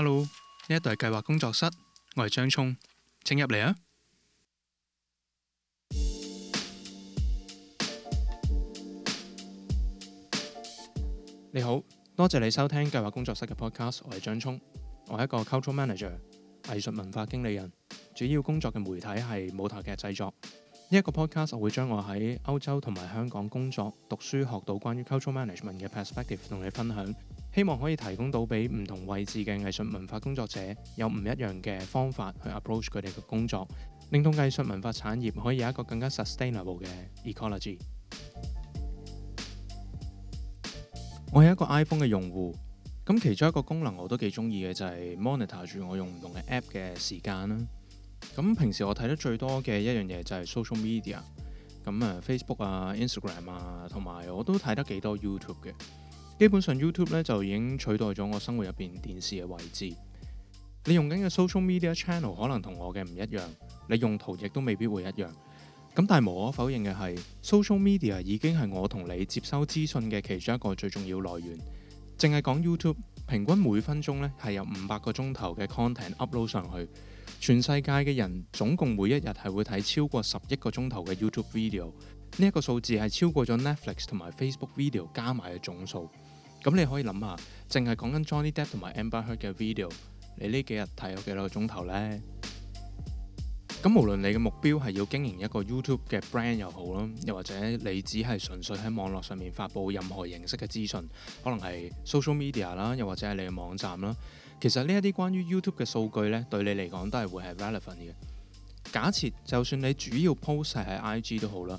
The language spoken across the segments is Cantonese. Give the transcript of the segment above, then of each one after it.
Hello，呢一度係計劃工作室，我係張聰，請入嚟啊！你好，多謝你收聽計劃工作室嘅 podcast，我係張聰，我係一個 culture manager，藝術文化經理人，主要工作嘅媒體係舞台劇製作。呢一個 podcast 我會將我喺歐洲同埋香港工作、讀書學到關於 culture management 嘅 perspective 同你分享。希望可以提供到俾唔同位置嘅藝術文化工作者有唔一樣嘅方法去 approach 佢哋嘅工作，令到藝術文化產業可以有一個更加 sustainable 嘅 ecology。 我係一個 iPhone 嘅用戶，咁其中一個功能我都幾中意嘅就係 monitor 住我用唔同嘅 app 嘅時間啦。咁平時我睇得最多嘅一樣嘢就係 social media，咁啊 Facebook 啊、Instagram 啊，同埋我都睇得幾多 YouTube 嘅。基本上 YouTube 咧就已經取代咗我生活入邊電視嘅位置。你用緊嘅 social media channel 可能同我嘅唔一樣，你用途亦都未必會一樣。咁但係無可否認嘅係，social media 已經係我同你接收資訊嘅其中一個最重要來源。淨係講 YouTube，平均每分鐘咧係有五百個鐘頭嘅 content upload 上去。全世界嘅人總共每一日係會睇超過十億個鐘頭嘅 YouTube video。呢一個數字係超過咗 Netflix 同埋 Facebook video 加埋嘅總數。咁你可以諗下，淨係講緊 Johnny Depp 同埋 Amber Heard 嘅 video，你呢幾日睇咗幾多個鐘頭呢？咁無論你嘅目標係要經營一個 YouTube 嘅 brand 又好啦，又或者你只係純粹喺網絡上面發布任何形式嘅資訊，可能係 social media 啦，又或者係你嘅網站啦，其實呢一啲關於 YouTube 嘅數據呢，對你嚟講都係會係 relevant 嘅。假設就算你主要 post 係喺 IG 都好啦。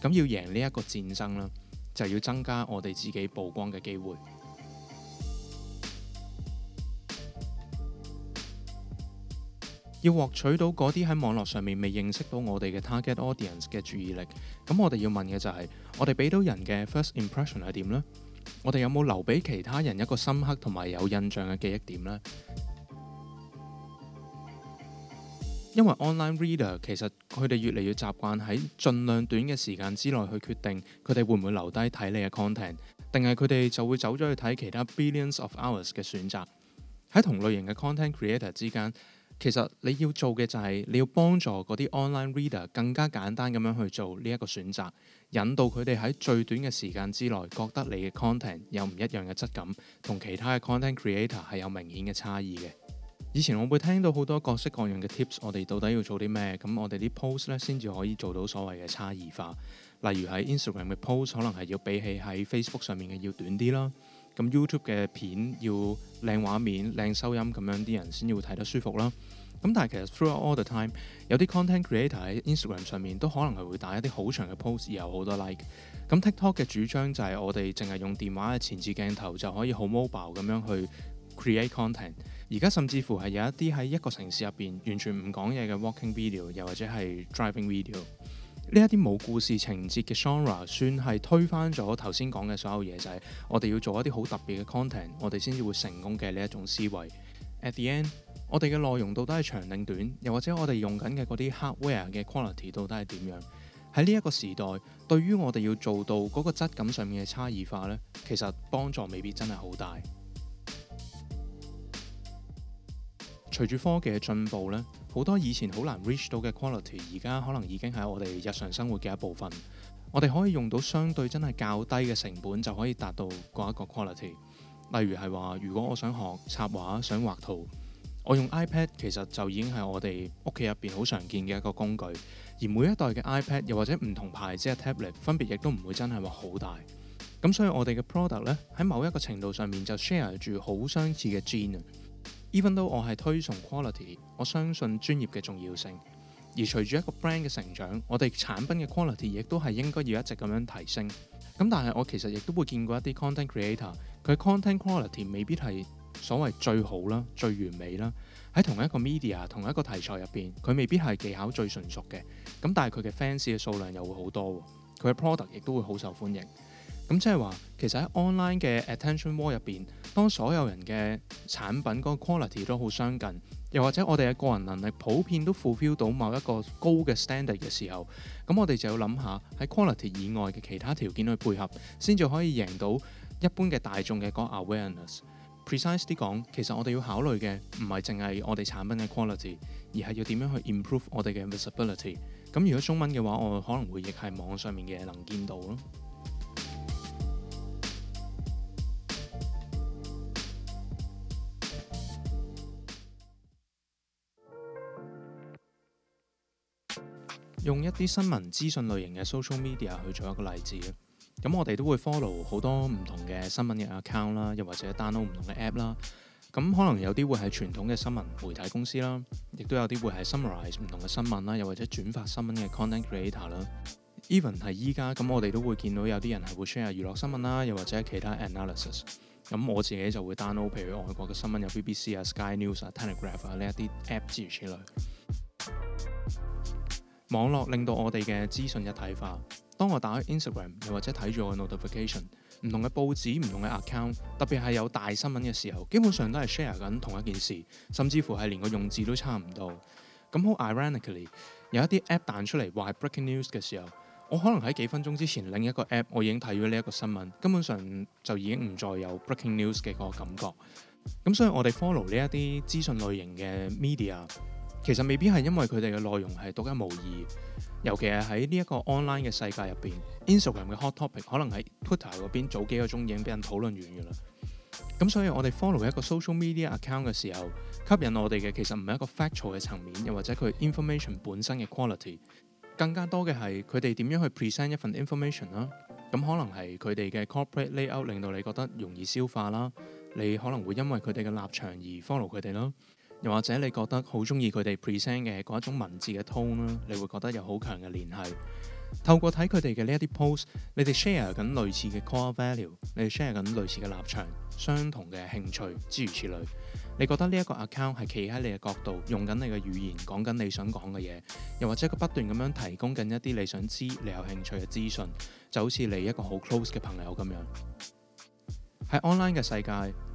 咁要贏呢一個戰爭啦，就要增加我哋自己曝光嘅機會，要獲取到嗰啲喺網絡上面未認識到我哋嘅 target audience 嘅注意力。咁我哋要問嘅就係，我哋俾到人嘅 first impression 係點呢？我哋有冇留俾其他人一個深刻同埋有印象嘅記憶點呢？因為 online reader 其實佢哋越嚟越習慣喺盡量短嘅時間之內去決定佢哋會唔會留低睇你嘅 content，定係佢哋就會走咗去睇其他 billions of hours 嘅選擇。喺同類型嘅 content creator 之間，其實你要做嘅就係你要幫助嗰啲 online reader 更加簡單咁樣去做呢一個選擇，引導佢哋喺最短嘅時間之內覺得你嘅 content 有唔一樣嘅質感，同其他嘅 content creator 係有明顯嘅差異嘅。以前我會聽到好多各式各樣嘅 tips，我哋到底要做啲咩？咁我哋啲 post 咧先至可以做到所謂嘅差異化。例如喺 Instagram 嘅 post 可能係要比起喺 Facebook 上面嘅要短啲啦。咁 YouTube 嘅片要靚畫面、靚收音，咁樣啲人先要睇得舒服啦。咁但係其實 throughout all the time，有啲 content creator 喺 Instagram 上面都可能係會打一啲好長嘅 post，有好多 like。咁 TikTok 嘅主張就係我哋淨係用電話嘅前置鏡頭就可以好 mobile 咁樣去。Create content，而家甚至乎係有一啲喺一個城市入邊完全唔講嘢嘅 walking video，又或者係 driving video。呢一啲冇故事情節嘅 genre，算係推翻咗頭先講嘅所有嘢，就係我哋要做一啲好特別嘅 content，我哋先至會成功嘅呢一種思維。At the end，我哋嘅內容到底係長定短，又或者我哋用緊嘅嗰啲 hardware 嘅 quality 到底係點樣？喺呢一個時代，對於我哋要做到嗰個質感上面嘅差異化呢，其實幫助未必真係好大。隨住科技嘅進步咧，好多以前好難 reach 到嘅 quality，而家可能已經係我哋日常生活嘅一部分。我哋可以用到相對真係較低嘅成本就可以達到嗰一個 quality。例如係話，如果我想學插畫、想畫圖，我用 iPad 其實就已經係我哋屋企入面好常見嘅一個工具。而每一代嘅 iPad 又或者唔同牌子嘅 tablet，分別亦都唔會真係話好大。咁所以我哋嘅 product 咧，喺某一個程度上面就 share 住好相似嘅 gene。Even 依分都我係推崇 quality，我相信專業嘅重要性。而隨住一個 brand 嘅成長，我哋產品嘅 quality 亦都係應該要一直咁樣提升。咁但係我其實亦都會見過一啲 content creator，佢 content quality 未必係所謂最好啦、最完美啦。喺同一個 media、同一個題材入邊，佢未必係技巧最純熟嘅。咁但係佢嘅 fans 嘅數量又會好多，佢嘅 product 亦都會好受歡迎。咁即係話，其實喺 online 嘅 attention war 入面，當所有人嘅產品嗰個 quality 都好相近，又或者我哋嘅個人能力普遍都 fulfill 到某一個高嘅 standard 嘅時候，咁我哋就要諗下喺 quality 以外嘅其他條件去配合，先至可以贏到一般嘅大眾嘅個 awareness。Precisely 講，其實我哋要考慮嘅唔係淨係我哋產品嘅 quality，而係要點樣去 improve 我哋嘅 visibility。咁如果中文嘅話，我可能會亦係網上面嘅能見度咯。用一啲新聞資訊類型嘅 social media 去做一個例子，咁我哋都會 follow 好多唔同嘅新聞嘅 account 啦，又或者 download 唔同嘅 app 啦。咁可能有啲會係傳統嘅新聞媒體公司啦，亦都有啲會係 summarize 唔同嘅新聞啦，又或者轉發新聞嘅 content creator 啦。Even 係依家咁，我哋都會見到有啲人係會 share 娛樂新聞啦，又或者其他 analysis。咁我自己就會 download 譬如外國嘅新聞，有 BBC 啊、Sky News 啊、Telegraph 啊呢一啲 app 之類。網絡令到我哋嘅資訊一體化。當我打開 Instagram 又或者睇住我 notification，唔同嘅報紙、唔同嘅 account，特別係有大新聞嘅時候，基本上都係 share 緊同一件事，甚至乎係連個用字都差唔多。咁好 ironically，有一啲 app 彈出嚟話係 breaking news 嘅時候，我可能喺幾分鐘之前另一個 app，我已經睇咗呢一個新聞，根本上就已經唔再有 breaking news 嘅嗰個感覺。咁所以我哋 follow 呢一啲資訊類型嘅 media。其實未必係因為佢哋嘅內容係獨一無二，尤其係喺呢一個 online 嘅世界入邊，Instagram 嘅 hot topic 可能喺 Twitter 嗰邊早幾個鐘已經俾人討論完㗎啦。咁所以我哋 follow 一個 social media account 嘅時候，吸引我哋嘅其實唔係一個 factual 嘅層面，又或者佢 information 本身嘅 quality，更加多嘅係佢哋點樣去 present 一份 information 啦。咁可能係佢哋嘅 corporate layout 令到你覺得容易消化啦，你可能會因為佢哋嘅立場而 follow 佢哋囉。又或者你覺得好中意佢哋 present 嘅嗰一種文字嘅 tone 啦，你會覺得有好強嘅聯繫。透過睇佢哋嘅呢一啲 post，你哋 share 緊類似嘅 core value，你哋 share 緊類似嘅立場、相同嘅興趣，諸如此類。你覺得呢一個 account 係企喺你嘅角度，用緊你嘅語言講緊你想講嘅嘢，又或者佢不斷咁樣提供緊一啲你想知、你有興趣嘅資訊，就好似你一個好 close 嘅朋友咁樣。喺 online 嘅世界。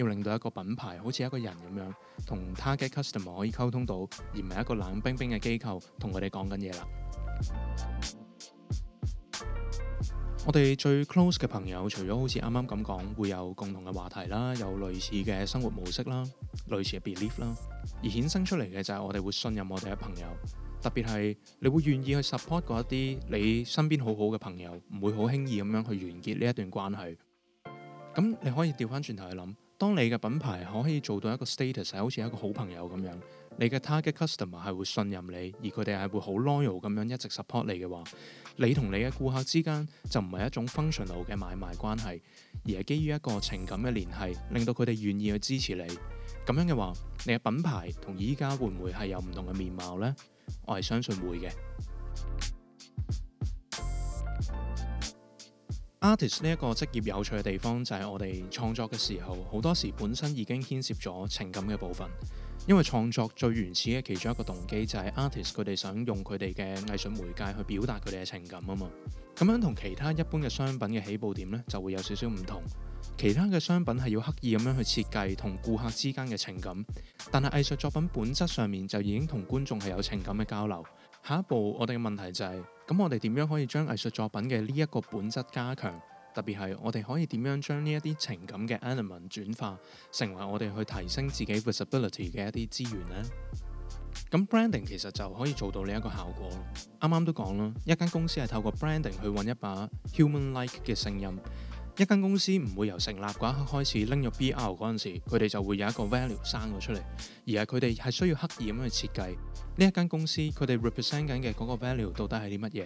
要令到一個品牌好似一個人咁樣，同 target customer 可以溝通到，而唔係一個冷冰冰嘅機構同佢哋講緊嘢啦。 我哋最 close 嘅朋友，除咗好似啱啱咁講，會有共同嘅話題啦，有類似嘅生活模式啦，類似嘅 belief 啦，而衍生出嚟嘅就係我哋會信任我哋嘅朋友，特別係你會願意去 support 嗰一啲你身邊好好嘅朋友，唔會好輕易咁樣去完結呢一段關係。咁你可以調返轉頭去諗。當你嘅品牌可以做到一個 status，係好似一個好朋友咁樣，你嘅 target customer 係會信任你，而佢哋係會好 loyal 咁樣一直 support 你嘅話，你同你嘅顧客之間就唔係一種 functional 嘅買賣關係，而係基於一個情感嘅聯繫，令到佢哋願意去支持你。咁樣嘅話，你嘅品牌同依家會唔會係有唔同嘅面貌呢？我係相信會嘅。artist 呢一個職業有趣嘅地方就係我哋創作嘅時候，好多時本身已經牽涉咗情感嘅部分，因為創作最原始嘅其中一個動機就係 artist 佢哋想用佢哋嘅藝術媒介去表達佢哋嘅情感啊嘛。咁樣同其他一般嘅商品嘅起步點呢，就會有少少唔同，其他嘅商品係要刻意咁樣去設計同顧客之間嘅情感，但係藝術作品本質上面就已經同觀眾係有情感嘅交流。下一步我哋嘅問題就係、是。咁我哋點樣可以將藝術作品嘅呢一個本質加強？特別係我哋可以點樣將呢一啲情感嘅 element 轉化成為我哋去提升自己 visibility 嘅一啲資源呢？咁 branding 其實就可以做到呢一個效果。啱啱都講啦，一間公司係透過 branding 去揾一把 human-like 嘅聲音。Like 一間公司唔會由成立嗰一刻開始拎咗 BR 嗰陣時，佢哋就會有一個 value 生咗出嚟，而係佢哋係需要刻意咁樣去設計呢一間公司佢哋 represent 緊嘅嗰個 value 到底係啲乜嘢？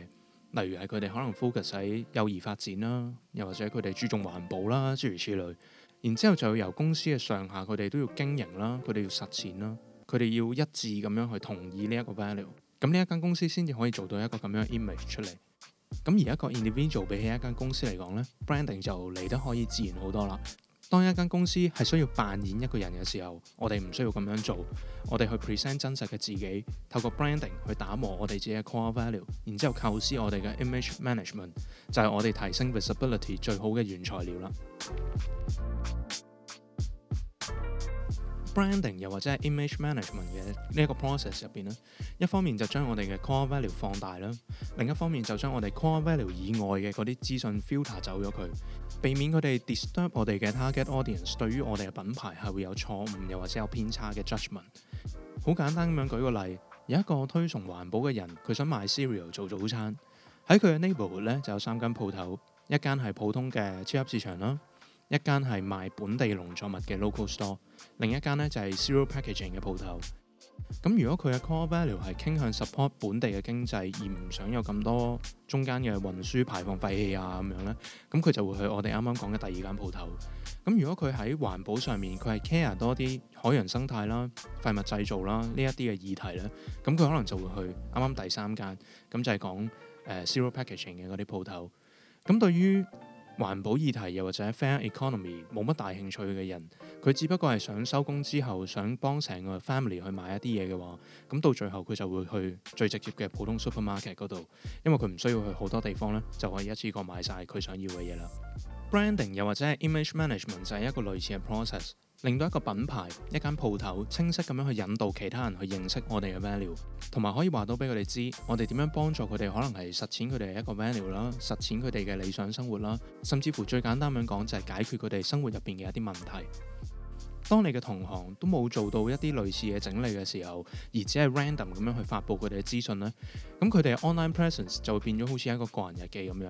例如係佢哋可能 focus 喺幼兒發展啦，又或者佢哋注重環保啦，諸如此類。然之後就要由公司嘅上下，佢哋都要經營啦，佢哋要實踐啦，佢哋要一致咁樣去同意呢一個 value。咁呢一間公司先至可以做到一個咁樣的 image 出嚟。咁而一個 individual 比起一間公司嚟講呢 branding 就嚟得可以自然好多啦。當一間公司係需要扮演一個人嘅時候，我哋唔需要咁樣做，我哋去 present 真實嘅自己，透過 branding 去打磨我哋自己嘅 core value，然之後構思我哋嘅 image management，就係我哋提升 visibility 最好嘅原材料啦。branding 又或者係 image management 嘅呢一個 process 入邊咧，一方面就將我哋嘅 core value 放大啦，另一方面就將我哋 core value 以外嘅嗰啲資訊 filter 走咗佢，避免佢哋 disturb 我哋嘅 target audience 對於我哋嘅品牌係會有錯誤又或者有偏差嘅 judgment。好簡單咁樣舉個例，有一個推崇環保嘅人，佢想買 Cereal 做早餐，喺佢嘅 neighborhood 咧就有三間鋪頭，一間係普通嘅超級市場啦。一間係賣本地農作物嘅 local store，另一間咧就係 zero packaging 嘅鋪頭。咁如果佢嘅 core value 係傾向 support 本地嘅經濟，而唔想有咁多中間嘅運輸排放廢氣啊咁樣咧，咁佢就會去我哋啱啱講嘅第二間鋪頭。咁如果佢喺環保上面佢係 care 多啲海洋生態啦、廢物製造啦呢一啲嘅議題咧，咁佢可能就會去啱啱第三間。咁就係講誒 zero packaging 嘅嗰啲鋪頭。咁對於環保議題又或者 fair economy 冇乜大興趣嘅人，佢只不過係想收工之後想幫成個 family 去買一啲嘢嘅話，咁到最後佢就會去最直接嘅普通 supermarket 嗰度，因為佢唔需要去好多地方咧，就可以一次過買晒佢想要嘅嘢啦。Branding 又或者係 image management 就係一個類似嘅 process。令到一個品牌、一間鋪頭清晰咁樣去引導其他人去認識我哋嘅 value，同埋可以話到俾佢哋知，我哋點樣幫助佢哋，可能係實踐佢哋嘅一個 value 啦，實踐佢哋嘅理想生活啦，甚至乎最簡單咁講，就係解決佢哋生活入邊嘅一啲問題。當你嘅同行都冇做到一啲類似嘅整理嘅時候，而只係 random 咁樣去發布佢哋嘅資訊咧，咁佢哋嘅 online presence 就會變咗好似一個個人日記咁樣。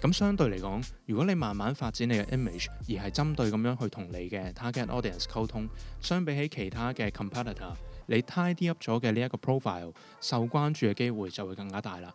咁相對嚟講，如果你慢慢發展你嘅 image，而係針對咁樣去同你嘅 target audience 溝通，相比起其他嘅 competitor，你 tidy up 咗嘅呢一個 profile 受關注嘅機會就會更加大啦。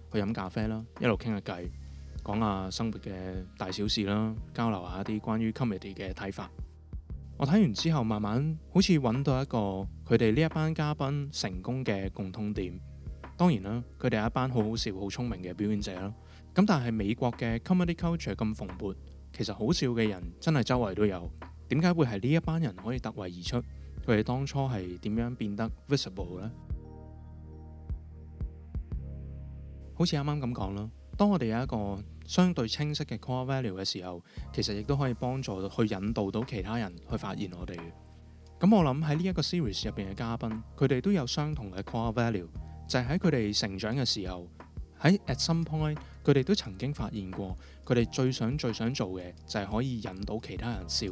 去飲咖啡啦，一路傾下計，講下生活嘅大小事啦，交流下一啲關於 comedy 嘅睇法。我睇完之後，慢慢好似揾到一個佢哋呢一班嘉賓成功嘅共通點。當然啦，佢哋係一班好好笑、好聰明嘅表演者啦。咁但係美國嘅 comedy culture 咁蓬勃，其實好笑嘅人真係周圍都有。點解會係呢一班人可以突圍而出？佢哋當初係點樣變得 visible 呢？好似啱啱咁講咯，當我哋有一個相對清晰嘅 core value 嘅時候，其實亦都可以幫助去引導到其他人去發現我哋。咁我諗喺呢一個 series 入邊嘅嘉賓，佢哋都有相同嘅 core value，就係喺佢哋成長嘅時候，喺 at some point，佢哋都曾經發現過，佢哋最想最想做嘅就係可以引到其他人笑，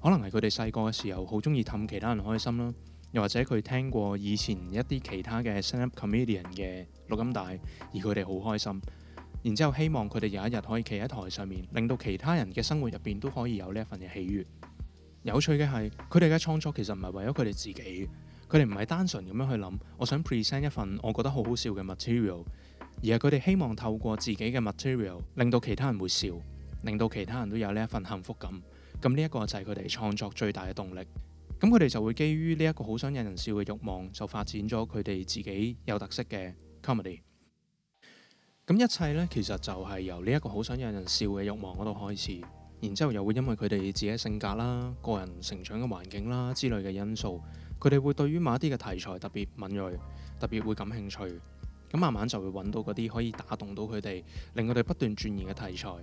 可能係佢哋細個嘅時候好中意氹其他人開心咯。又或者佢聽過以前一啲其他嘅 stand up comedian 嘅錄音帶，而佢哋好開心。然之後希望佢哋有一日可以企喺台上面，令到其他人嘅生活入邊都可以有呢一份嘅喜悅。有趣嘅係，佢哋嘅創作其實唔係為咗佢哋自己，佢哋唔係單純咁樣去諗，我想 present 一份我覺得好好笑嘅 material，而係佢哋希望透過自己嘅 material 令到其他人會笑，令到其他人都有呢一份幸福感。咁呢一個就係佢哋創作最大嘅動力。咁佢哋就會基於呢一個好想有人笑嘅慾望，就發展咗佢哋自己有特色嘅 comedy。咁一切呢，其實就係由呢一個好想引人笑嘅慾望嗰度開始。然之後又會因為佢哋自己性格啦、個人成長嘅環境啦之類嘅因素，佢哋會對於某一啲嘅題材特別敏銳，特別會感興趣。咁慢慢就會揾到嗰啲可以打動到佢哋，令佢哋不斷鑽研嘅題材，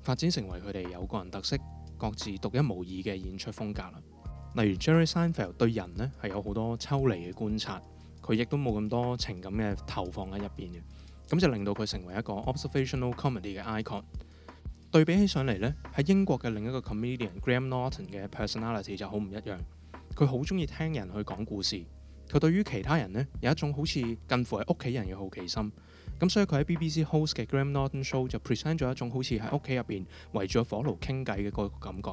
發展成為佢哋有個人特色、各自獨一無二嘅演出風格啦。例如 Jerry Seinfeld 對人呢係有好多抽離嘅觀察，佢亦都冇咁多情感嘅投放喺入邊嘅，咁就令到佢成為一個 observational comedy 嘅 icon。對比起上嚟呢，喺英國嘅另一個 comedian Graham Norton 嘅 personality 就好唔一樣，佢好中意聽人去講故事，佢對於其他人呢有一種好似近乎係屋企人嘅好奇心，咁所以佢喺 BBC host 嘅 Graham Norton Show 就 present 咗一種好似喺屋企入邊圍住個火爐傾偈嘅嗰個感覺。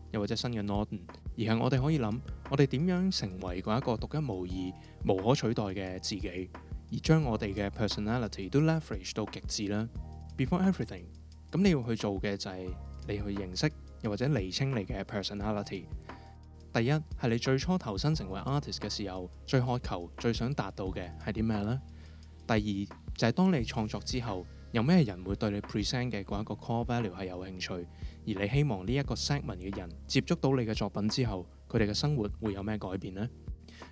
又或者新嘅 Norton 而係我哋可以諗，我哋點樣成為嗰一個獨一無二、無可取代嘅自己，而將我哋嘅 personality 都 leverage 到極致啦。Before everything，咁你要去做嘅就係你去認識又或者釐清你嘅 personality。第一係你最初投身成為 artist 嘅時候，最渴求、最想達到嘅係啲咩咧？第二就係、是、當你創作之後。有咩人會對你 present 嘅嗰一個 core value 係有興趣？而你希望呢一個 segment 嘅人接觸到你嘅作品之後，佢哋嘅生活會有咩改變呢？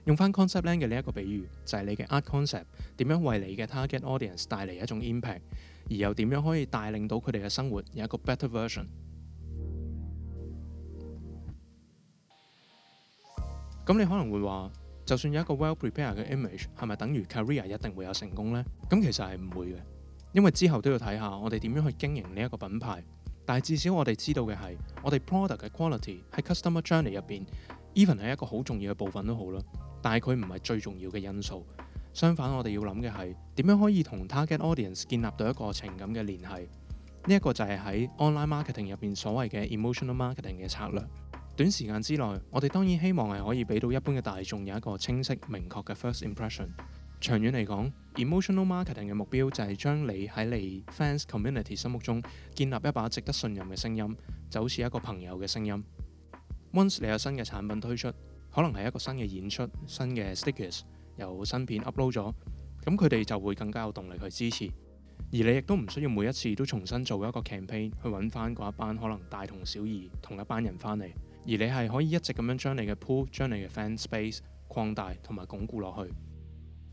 用返 concept land 嘅呢一個比喻，就係你嘅 art concept 點樣為你嘅 target audience 帶嚟一種 impact，而又點樣可以帶領到佢哋嘅生活有一個 better version。咁你可能會話，就算有一個 well prepared 嘅 image，係咪等於 career 一定會有成功呢？咁其實係唔會嘅。因為之後都要睇下我哋點樣去經營呢一個品牌，但係至少我哋知道嘅係，我哋 product 嘅 quality 喺 customer journey 入面 even 係一個好重要嘅部分都好啦。但係佢唔係最重要嘅因素。相反，我們要想的是，我哋要諗嘅係點樣可以同 target audience 建立到一個情感嘅聯繫。呢、這、一個就係喺 online marketing 入面所謂嘅 emotional marketing 嘅策略。短時間之內，我哋當然希望係可以俾到一般嘅大眾有一個清晰明確嘅 first impression。長遠嚟講，emotional marketing 嘅目標就係將你喺你 fans community 心目中建立一把值得信任嘅聲音，就好似一個朋友嘅聲音。Once 你有新嘅產品推出，可能係一個新嘅演出、新嘅 stickers 有新片 upload 咗，咁佢哋就會更加有動力去支持。而你亦都唔需要每一次都重新做一個 campaign 去揾翻嗰一班可能大同小異同一班人翻嚟，而你係可以一直咁樣將你嘅 pool、將你嘅 fans space 擴大同埋鞏固落去。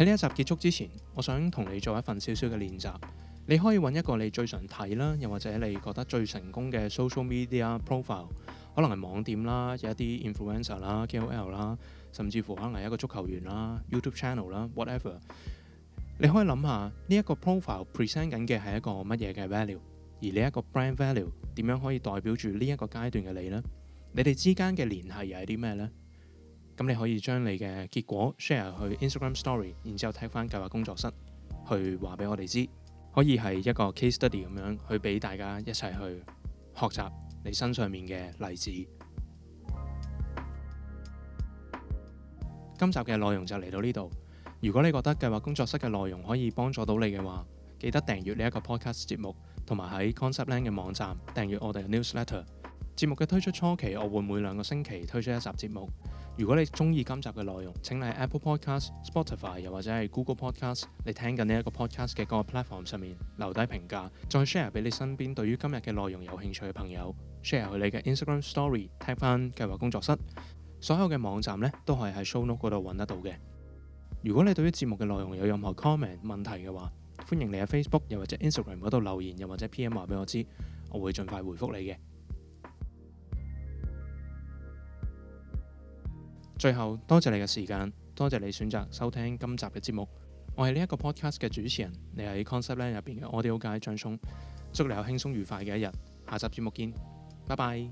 喺呢一集結束之前，我想同你做一份少少嘅練習。你可以揾一個你最常睇啦，又或者你覺得最成功嘅 social media profile，可能係網店啦，有一啲 influencer 啦、KOL 啦，甚至乎可能係一個足球員啦、YouTube channel 啦，whatever。你可以諗下呢一個 profile present 緊嘅係一個乜嘢嘅 value，而呢一個 brand value 點樣可以代表住呢一個階段嘅你呢？你哋之間嘅聯繫又係啲咩呢？咁你可以將你嘅結果 share 去 Instagram Story，然之後 tag 翻計劃工作室去話俾我哋知，可以係一個 case study 咁樣去俾大家一齊去學習你身上面嘅例子。今集嘅內容就嚟到呢度。如果你覺得計劃工作室嘅內容可以幫助到你嘅話，記得訂閱呢一個 podcast 節目，同埋喺 Conceptland 嘅網站訂閱我哋嘅 newsletter。節目嘅推出初期，我會每兩個星期推出一集節目。如果你中意今集嘅內容，請你喺 Apple Podcast、Spotify 又或者係 Google Podcast，你聽緊呢一個 podcast 嘅各個 platform 上面留低評價，再 share 俾你身邊對於今日嘅內容有興趣嘅朋友，share 去你嘅 Instagram story，tag 翻計劃工作室。所有嘅網站呢，都可以喺 show note 嗰度揾得到嘅。如果你對於節目嘅內容有任何 comment 問題嘅話，歡迎你喺 Facebook 又或者 Instagram 嗰度留言，又或者 PM 話俾我知，我會盡快回覆你嘅。最後，多謝你嘅時間，多謝你選擇收聽今集嘅節目。我係呢一個 podcast 嘅主持人，你係 Conceptland 入邊嘅 audio 界張聰，祝你有輕鬆愉快嘅一日。下集節目見，拜拜。